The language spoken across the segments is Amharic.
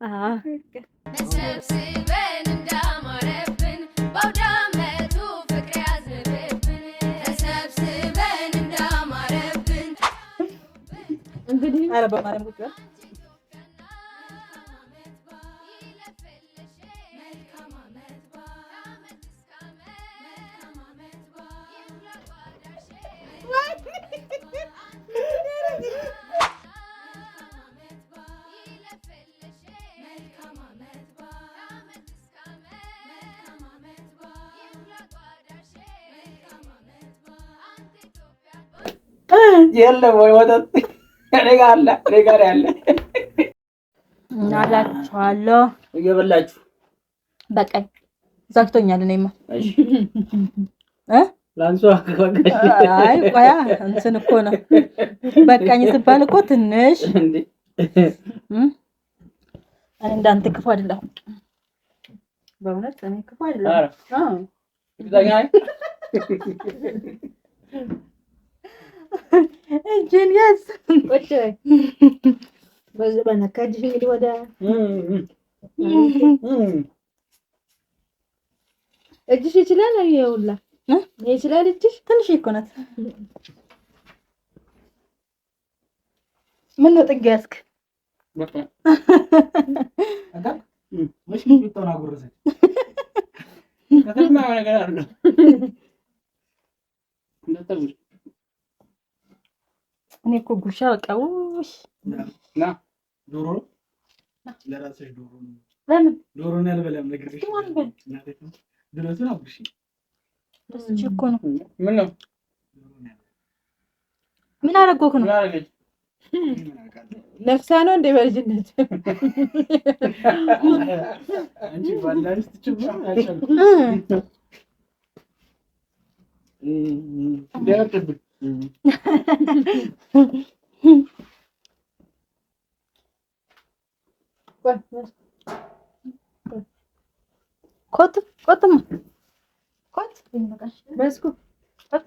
ተሰብስበን እንዳማረብን በአውዳመቱ ፍቅር ያዝንብብን። ተሰብስበን እንዳማረብን የለም ወይ ወተት እኔ ጋር አለ እኔ ጋር ያለ እናላችኋለሁ። እየበላችሁ በቃኝ። ዛግቶኛል። እኔማ እ አይ ቆያ እንትን እኮ ነው ስባል እኮ ትንሽ እንዳንተ ክፉ አይደለሁ። በእውነት እኔ ክፉ አይደለሁ። እጅን ያዝ ቁጭ በይ። በነካ እጅሽ እንግዲህ ወደ እጅሽ ይችላል። ይኸውላ ይችላል። እጅሽ ትንሽ እኮ ናት። ምን ነው ጥግ ያዝክ? እኔ እኮ ጉርሻ በቃ ውይ ና ዶሮ ለራስሽ ዶሮ ለምን ዶሮ ነው ያልበላም ነገር ድረቱን አጉርሺ ደስቼ እኮ ነው ምን ነው ምን አደረጎክ ነው ነፍሳ ነው እንደ በልጅነት እንጂ ኮት ኮትማ ኮት በስኩ ኮት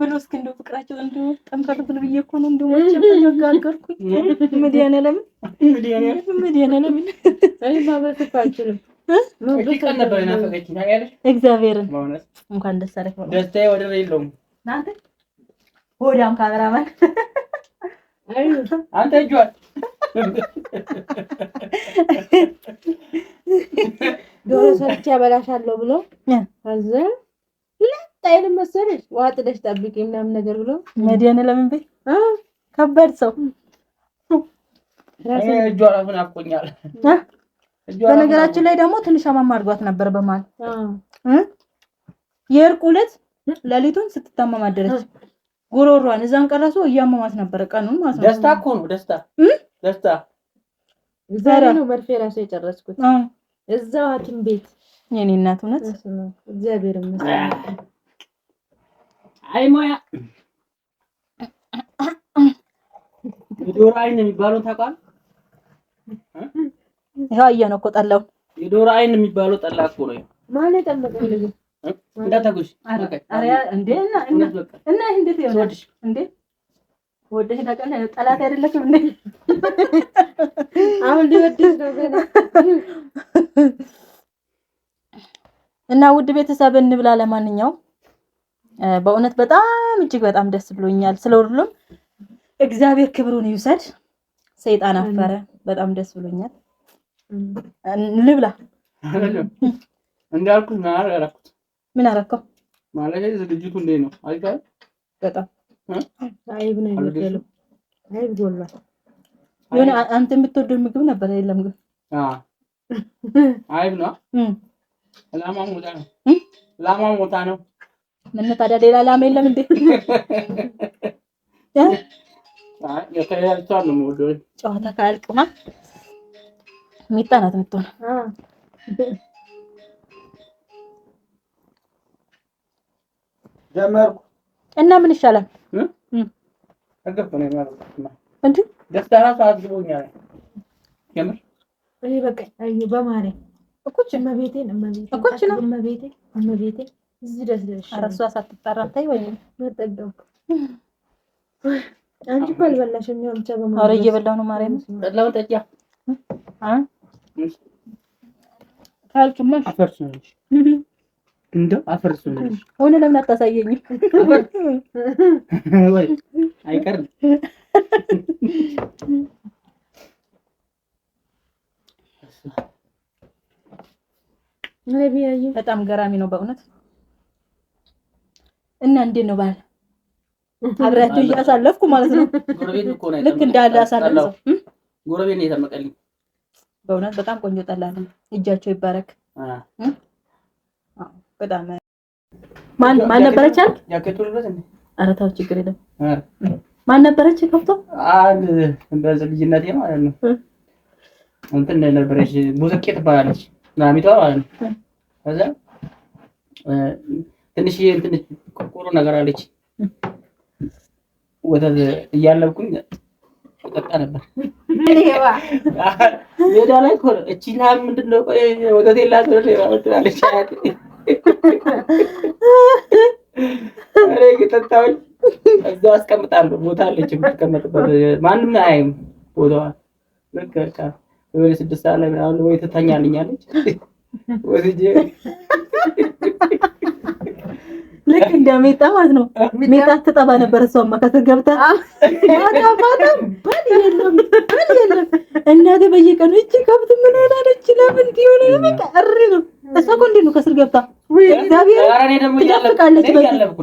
ብሎ እስኪ እንደው ፍቅራቸው እንደው ጠንፈር ብሎ ብዬ እኮ ነው እንደው ወጭ ተነጋገርኩኝ። መዲያና ለምን መዲያና መዲያና ለምን አይ ማበረከት አልችልም። እግዚአብሔርን እንኳን ደስ አለህ። ደስታዬ ወደር የለውም። አንተ ሆዳም ካሜራማን አንተ እጇል ዶሮ ሰርቼ አበላሻለሁ ብሎ አዘ ጣይል መሰለሽ ውሃ ጥለሽ ጠብቂ ምናምን ነገር ብሎ መዲያን ለምን በይ ከባድ ሰው በነገራችን ላይ ደግሞ ትንሽ አማማ አድርጓት ነበር። በማል የእርቁ ዕለት ለሊቱን ስትታመም አደረች። ጉሮሯን እዛን ቀራሶ እያመማት ነበረ። ቀኑን ማለት ነው። ደስታ እኮ ነው ደስታ ደስታ። ዛሬ ነው መርፌ ራሱ የጨረስኩት እዛው ሐኪም ቤት የኔ እናት እውነት እግዚአብሔር ይመስገን። አይሞያ የዶሮ አይን የሚባለው ታውቃለህ? ይሄው አየነው እኮ ጠላው። የዶሮ አይን የሚባለው ጠላ እኮ ነው። ማን እንዴ! እና እና እንዴ? እንዴ? እና ውድ ቤተሰብ እንብላ ለማንኛውም በእውነት በጣም እጅግ በጣም ደስ ብሎኛል። ስለ ሁሉም እግዚአብሔር ክብሩን ይውሰድ። ሰይጣን አፈረ። በጣም ደስ ብሎኛል። ልብላ እንዳልኩ ምን አረኩት? ምን አደረከው ማለት ዝግጅቱ እንዴት ነው? አይታል በጣም አይብ ነው የሚገለው አይብ ጎላ የሆነ አንተ የምትወደው ምግብ ነበር የለም ግን አይብ ነው። ላማ ሞታ ነው። ላማ ሞታ ነው። ምን ታዲያ ሌላ ላም የለም እንዴ? ጨዋታ ካልቅማ ሚጣ ናት የምትሆነ። ጀመርኩ እና ምን ይሻላል? እኔ በቃ በማርያም እኮ እመቤቴን እዚህ ደስ ደስ አራሷ ሳትጠራ ታይ ወይ መጠገብኩ አንቺ እኮ አልበላሽም። ያው ብቻ በማለት አረ እየበላሁ ነው። ማርያም ጠላውን ጠጪያ አ ካልኩማሽ አፈርሱልሽ እንደው አፈርሱልሽ ሆነ ለምን አታሳየኝ ወይ አይቀርም በጣም ገራሚ ነው በእውነት እና እንዴት ነው ባል አብራችሁ እያሳለፍኩ ማለት ነው። ልክ እንዳለ አሳለፍ ጎረቤት ነው የተመቀልኝ። በእውነት በጣም ቆንጆ ጠላ ነው። እጃቸው ይባረክ። በጣም ማን ማን ነበረች አልክ? ኧረ ተው ችግር የለም። ማን ነበረች ከብቶ? አንድ በዚህ ልጅነቴ ማለት ነው እንትን ነበረች ቡዝቄ ትባላለች። ላሚቷ ማለት ነው ከዛ ትንሽ ትንሽ ቆሮ ነገር አለች። ወተት እያለብኩኝ ጠጣ ነበር ሜዳ ላይ ኮር እቺ ላም ምንድን ነው ወተት የላት ትላለች። እዛው አስቀምጣለሁ። ቦታ አለች የምትቀመጥበት ማንም ልክ በቃ ስድስት ሰዓት ላይ ምናምን ወይ ትተኛልኛለች ወስጄ ልክ እንደ ሜጣ ማለት ነው። ሜጣ ትጠባ ነበር። እሷማ ከስር ገብታ በል የለም በል የለም። እናቴ በየቀኑ እቺ ከብት ምን ሆናለች? ለምን ቢሆነ በቃ እሪ ነው። እሷ እኮ እንዴት ነው ከስር ገብታ እግዚአብሔር ትደፍቃለች።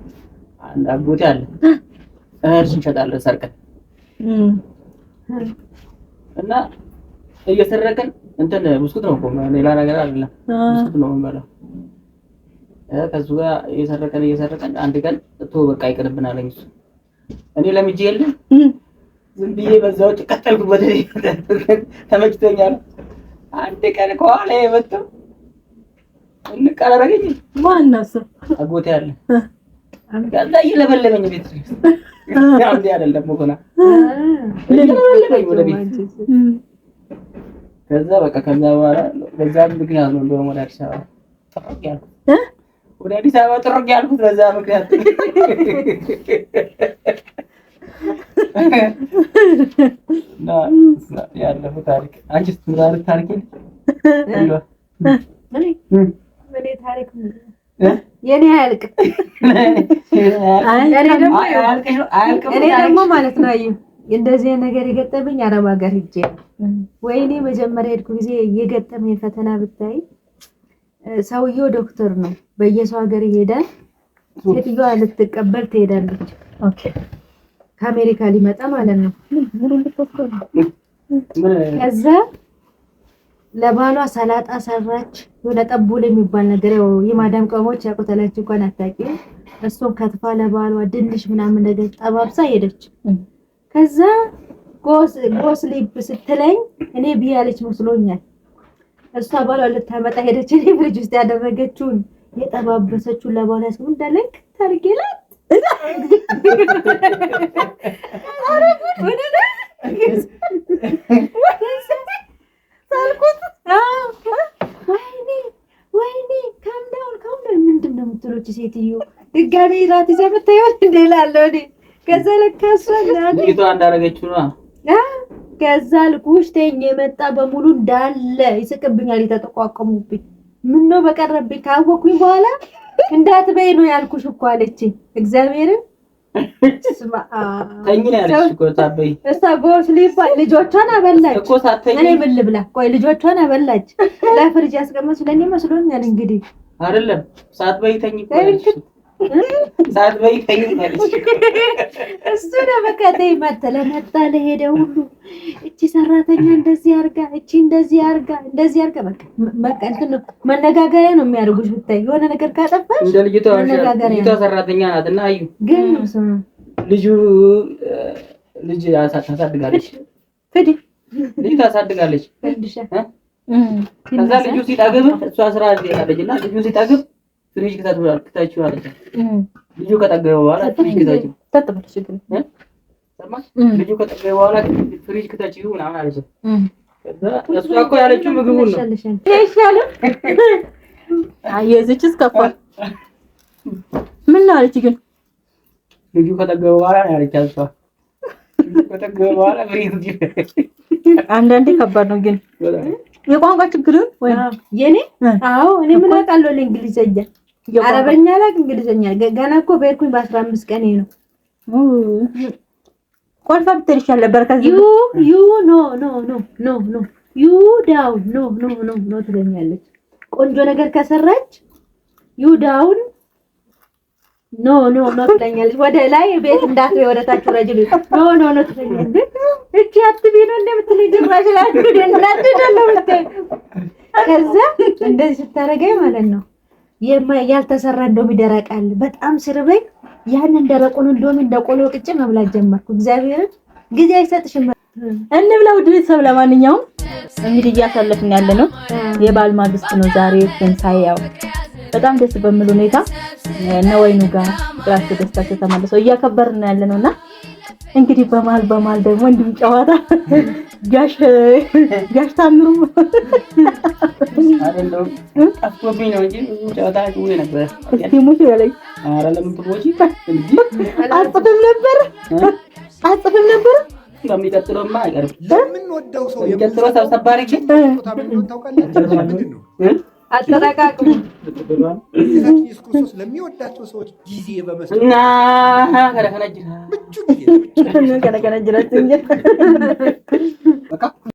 አንድ አጎቴ አለ እህል እንሸጣለን ሰርቀን እና እየሰረቅን እንትን ብስኩት ነው እኮ ሌላ ነገር አይደለም፣ ብስኩት ነው የምንበላው። ከሱ ጋር እየሰረቀን እየሰረቀን አንድ ቀን እቶ በቃ ይቅርብን አለኝ እሱ። እኔ ለምጄ የለ ዝም ብዬ በዛው ቀጠልኩበት፣ ተመችቶኛል። አንድ ቀን ከኋላ የመጣው እንቀራረገኝ ማን ነው እሱ አጎቴ አለ ከዛ ቤት አንዴ አይደለም በቃ ከዛ በኋላ በዛ ምክንያት ነው እንደውም ወደ አዲስ አበባ ጥሩቅ ። ያልኩት ወደ አዲስ አበባ ጥርቅ ያልኩት በዛ ምክንያት ያለፈው ታሪክ አንቺስ ታሪክ ታሪክ ታሪክ የኔ አያልቅም። እኔ ደግሞ ማለት ነው እንደዚህ ነገር የገጠመኝ አረብ ሀገር ሂጄ ወይኔ መጀመሪያ ሄድኩ ጊዜ የገጠመኝ ፈተና ብታይ፣ ሰውየው ዶክተር ነው። በየሰው ሀገር ይሄዳል። ሴትዮዋ ልትቀበል ትሄዳለች። ከአሜሪካ ሊመጣ ማለት ነው ከዛ ለባሏ ሰላጣ ሰራች። የሆነ ጠቡል የሚባል ነገር ያው የማዳም ቀሞች ያቆተላች እንኳን አታውቂም። እሱን ከትፋ ለባሏ ድንሽ ምናምን ነገር ጠባብሳ ሄደች። ከዛ ጎስ ስትለኝ እኔ ብያለች መስሎኛል። እሷ ባሏ ልታመጣ ሄደች። እኔ ፍሪጅ ውስጥ ያደረገችውን የጠባበሰችውን ለባሏ ስሙ እንዳለክ ታርጌላት ሳልኩት ወይኔ ወይኔ ከምዳውን ምንድን ነው የምትሎች ሴትዮ ራት እኔ ከዛ እንዳደረገችው ከዛ ልኩሽ የመጣ በሙሉ እንዳለ ይስቅብኛል የተጠቋቀሙብኝ ምነው በቀረብኝ ካወኩኝ በኋላ እንዳትበይ ነው ያልኩሽ እኮ አለችኝ እግዚአብሔርን ተኝ ነው ልጆቿን አበላች ቆይ ልጆቿን አበላች ለፍርጅ ያስቀመጡ ለኔ መስሎኛል። እንግዲህ አይደለም ሳትበይ ተኝ እኮ ያለች እሱ ነው በቃ ተይ መጣ ለመጣ ለሄደ ሁሉ ሰራተኛ እንደዚህ አርጋ፣ እቺ እንደዚህ አርጋ፣ እንደዚህ አርጋ፣ በቃ በቃ እንትን መነጋገሪያ ነው የሚያደርጉሽ። ብታይ የሆነ ነገር ካጠፋሽ እንደ ልጅቷ ሰራተኛ ናት እና አዩ ግን ልጁ ልጅ ታሳድጋለች፣ ልጅ ታሳድጋለች። ከዛ ልጁ ሲጠግብ እሷ ስራ ትሄዳለች እና ልጁ ሲጠግብ ፍሪጅ ክታችሁ አለች። ልጁ ከጠገበ በኋላ ፍሪጅ ክታችሁ ልጁ ከጠገበ በኋላ ፍሪጅ ክተች ምናምን እሷ እኮ ያለችው ምግቡን ነው። ምን ነው አለች። ግን ልጁ ከጠገበ በኋላ ነው ያለች። እሷ ከጠገበ በኋላ ፍሪጅ። አንዳንዴ ከባድ ነው ግን የቋንቋ ችግር ወይ የኔ? አዎ እኔ ምን አውቃለሁ ለእንግሊዘኛ አረበኛ ላቅ እንግሊዘኛ ገና እኮ በሄድኩኝ በአስራ አምስት ቀን ነው ቆልፋ ብትልሽ ያለበት ከዚህ ዩ ዩ ኖ ኖ ኖ ኖ ኖ ዩ ዳውን ኖ ኖ ኖ ኖ ትለኛለች። ቆንጆ ነገር ከሰራች ዩ ዳውን ኖ ኖ ኖ ትለኛለች። ወደ ላይ ቤት እንዳትበይ ወደ ታች ውረጅ ኖ ኖ ኖ ትለኛለች። እቺ አትቤ ነው እንደምትል ጅራሽ ላይ እንደናደደለው ብታይ ከዛ እንደዚህ ስታረገኝ ማለት ነው ያልተሰራ እንደው ይደረቃል በጣም ስርበኝ ያንን ደረቁን እንደውም እንደ ቆሎ ቅጭ መብላት ጀመርኩ። እግዚአብሔርን ጊዜ አይሰጥሽም። እንብላው ቤተሰብ። ለማንኛውም እንግዲህ እያሳለፍን ያለ ነው፣ የበዓል ማግስት ነው ዛሬ ትንሣኤ። ያው በጣም ደስ በሚል ሁኔታ ነወይኑ ጋር ፍቅራቸው ደስታቸው ተመልሰው እያከበርን ያለ ነው እና እንግዲህ በመሀል በመሀል ደግሞ እንዲሁም ጨዋታ ጋሽ ጋሽ ታምሩ አይደለም ጠፍቶብኝ ነው እንጂ ጨዋታ ነበር። እስኪ ሙሽ በለኝ ኧረ ለምን ትሞጪ? አጽፍም ነበር አጽፍም ነበር። በሚቀጥለውማ አይቀርም። ለምንወደው ሰው የሚቀጥለው ሰብሰብ ለሚወዳቸው ሰዎች ጊዜ በመስጠት እና